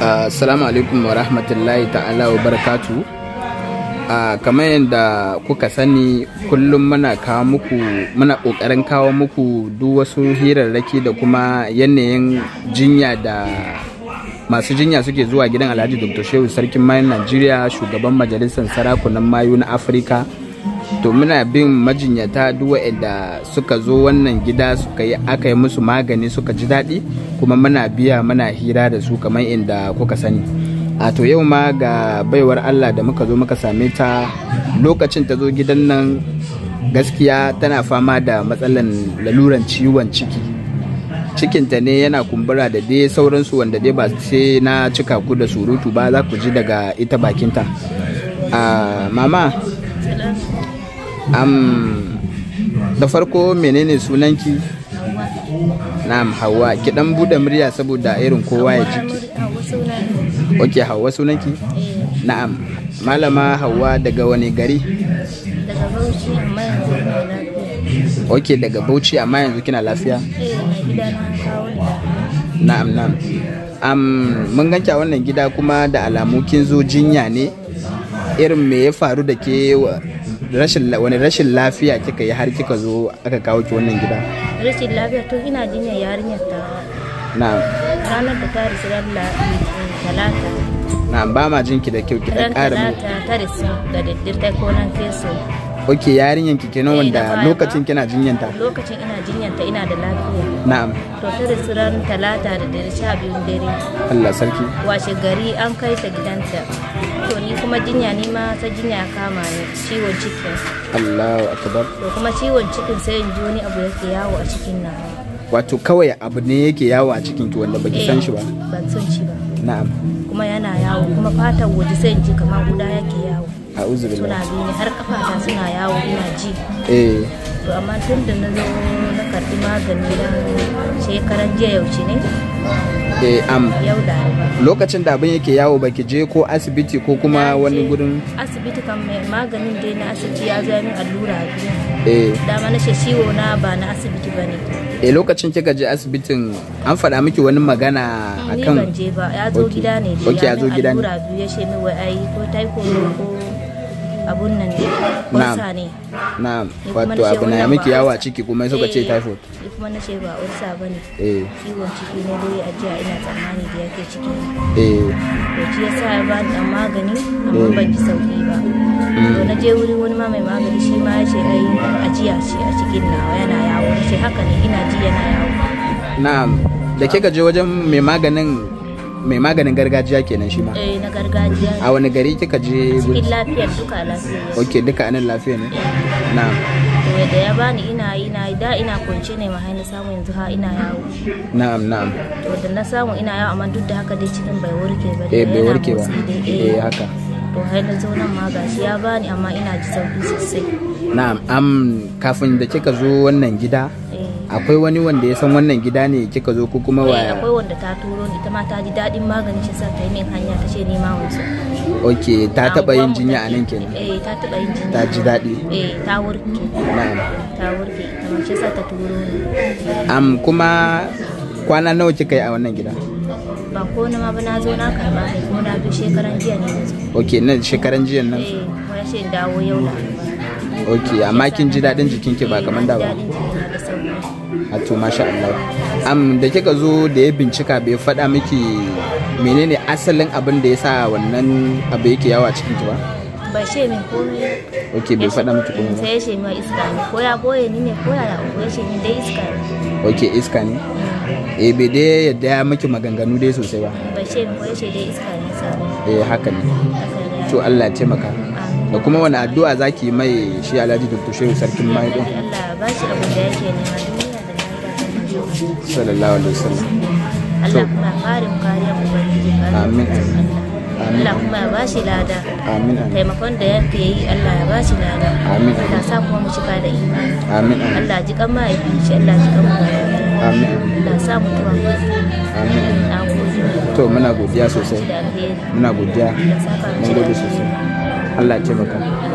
Uh, assalamu alaikum wa rahmatullahi ta'ala wa barakatu uh, kamar yadda kuka sani kullum muna kawo muku muna kokarin kawo muku duk wasu hirarraki da kuma yanayin jinya da masu jinya suke zuwa gidan alhaji dr shehu sarkin mayan najeriya shugaban majalisar sarakunan mayu na afirka to muna bin majinyata duk waɗanda suka zo wannan gida suka yi aka yi musu magani suka ji daɗi kuma muna biya muna hira da su kamar inda kuka sani a to yau ma ga baiwar allah da muka zo muka same ta lokacin ta zo gidan nan gaskiya tana fama da matsalan laluran ciwon ciki cikinta ne yana kumbura da dai sauransu wanda dai ba sai na cika ku da surutu ba za ku ji daga ita bakinta ah, mama da farko menene sunanki na'am hawa ki dan bude murya saboda irin kowa ya ji ok hawa sunanki eh. na'am malama hawa daga wani gari ok daga bauchi amma yanzu kina lafiya eh, na'am na'am am mun ganki a wannan gida kuma da alamu kin zo jinya ne irin me ya faru da ke wani rashin lafiya kika yi har kika zo aka kawo ki wannan gida rashin lafiya to ina jinya yarinyar ta na ranar da ta risu talata Na ba ma jinki da kyau ki dan ƙara mu ta risu da ko nan so ok yarinyan ki kenan eh, wanda lokacin kina jinyanta lokacin ina jinyanta ina da lafiya na'am to ta da talata da dare sha biyun dare Allah sarki washe gari an kai ta gidanta to ni kuma jinya ni ma ta jinya kama ni ciwon ciki Allahu akbar to kuma ciwon cikin sai in ji wani abu yake yawo a cikin nan wato kawai abu ne yake yawo a cikin ki wanda baki san shi ba eh, ban san shi ba na'am kuma yana yawo kuma fatan waje sai in ji kamar guda yake yawo a uzuri suna bi har kafata suna yawo ina ji eh to amma tun da na zo na karbi magani dan shekaran jiya yaushe ne eh am yau da lokacin da abin yake yawo baki je ko asibiti ko kuma wani gurin asibiti kan eh, maganin dai na asibiti ya zo min allura eh dama na ciwo na ba na asibiti bane eh lokacin kika je asibitin an faɗa miki wani magana eh, akan ni ban je ba ya zo gida ne dai ya zo gida ne allura biyu ya ce min wai ai ko taiko ko abun nan ne ursa ne na wato abu na miki yawa ciki kuma suka ce eh, typhoid kuma na ce ba ursa ba ne eh. ciwon ciki ne dai a jiya ina tsammani da yake ciki eh to shi yasa ya ba da magani amma eh. ban ji sauki ba to mm. na je wuri wani ma mai magani shi ma ya ce ai jiya ce a cikin nawa yana yawo sai haka ne ina ji yana yawo na'am da kika je wajen mai maganin mai maganin gargajiya kenan shi ma eh na gargajiya a wani gari kika je cikin lafiyar duka lafiya okay duka anan lafiya ne na'am eh, da ya bani ina yi na da ina kunce ne ma na samu yanzu ha ina yawo na'am na'am to da na samu ina yawo amma duk da haka dai cikin bai warke ba eh bai warke ba eh. eh haka to har na zo nan ma gashi ya bani amma ina ji sauki sosai na'am am kafin da kika zo wannan gida akwai wani wanda ya san wannan gida ne kika zo ko kuma eh, waya akwai wanda ta turo ni ita ma ta ji daɗin maganin shi sa ta yi min hanya ta ce ni ma wanzu ok ta taɓa yin jinya a nan kenan eh ta taɓa yin jinya ta ji daɗi eh ta warke na'am ta warke ita ma shi sa ta turo ni am kuma kwana nawa kika yi a wannan gida ba ko na ma ba na zo na karba ne ko na bi shekaran jiya ne ok nan shekaran jiya nan eh wani shi dawo yau na ok amma kin ji daɗin jikinki ba kamar da ba wato masha Allah am da kika zo da ya bincika bai faɗa miki menene asalin abin da ya sa wannan abu yake yawa cikin ki ba ba she ne komai ok bai faɗa miki komai sai she ce iska ne ko ya boye ni ne ko ya uku ko she ne dai iska ne ok iska ne eh bai dai yadda ya miki maganganu dai sosai ba ba she ne ko she dai iska ne eh haka ne to Allah ya taimaka da kuma wani addu'a zaki mai shi Alhaji Dr. Shehu Sarkin Mai Allah ba shi abin da yake nema sallallahu alaihi wasallam Allah kuma kare mu kariya ubangiji kare amin Allah kuma ya bashi lada amin taimakon da yake yi Allah ya bashi lada amin Allah sa kuma mu cika da imani amin amin. Allah ji kan mahaifi shi Allah ji kan amin Allah sa mu tuwa amin to muna godiya sosai muna godiya mun gode sosai Allah ya taimaka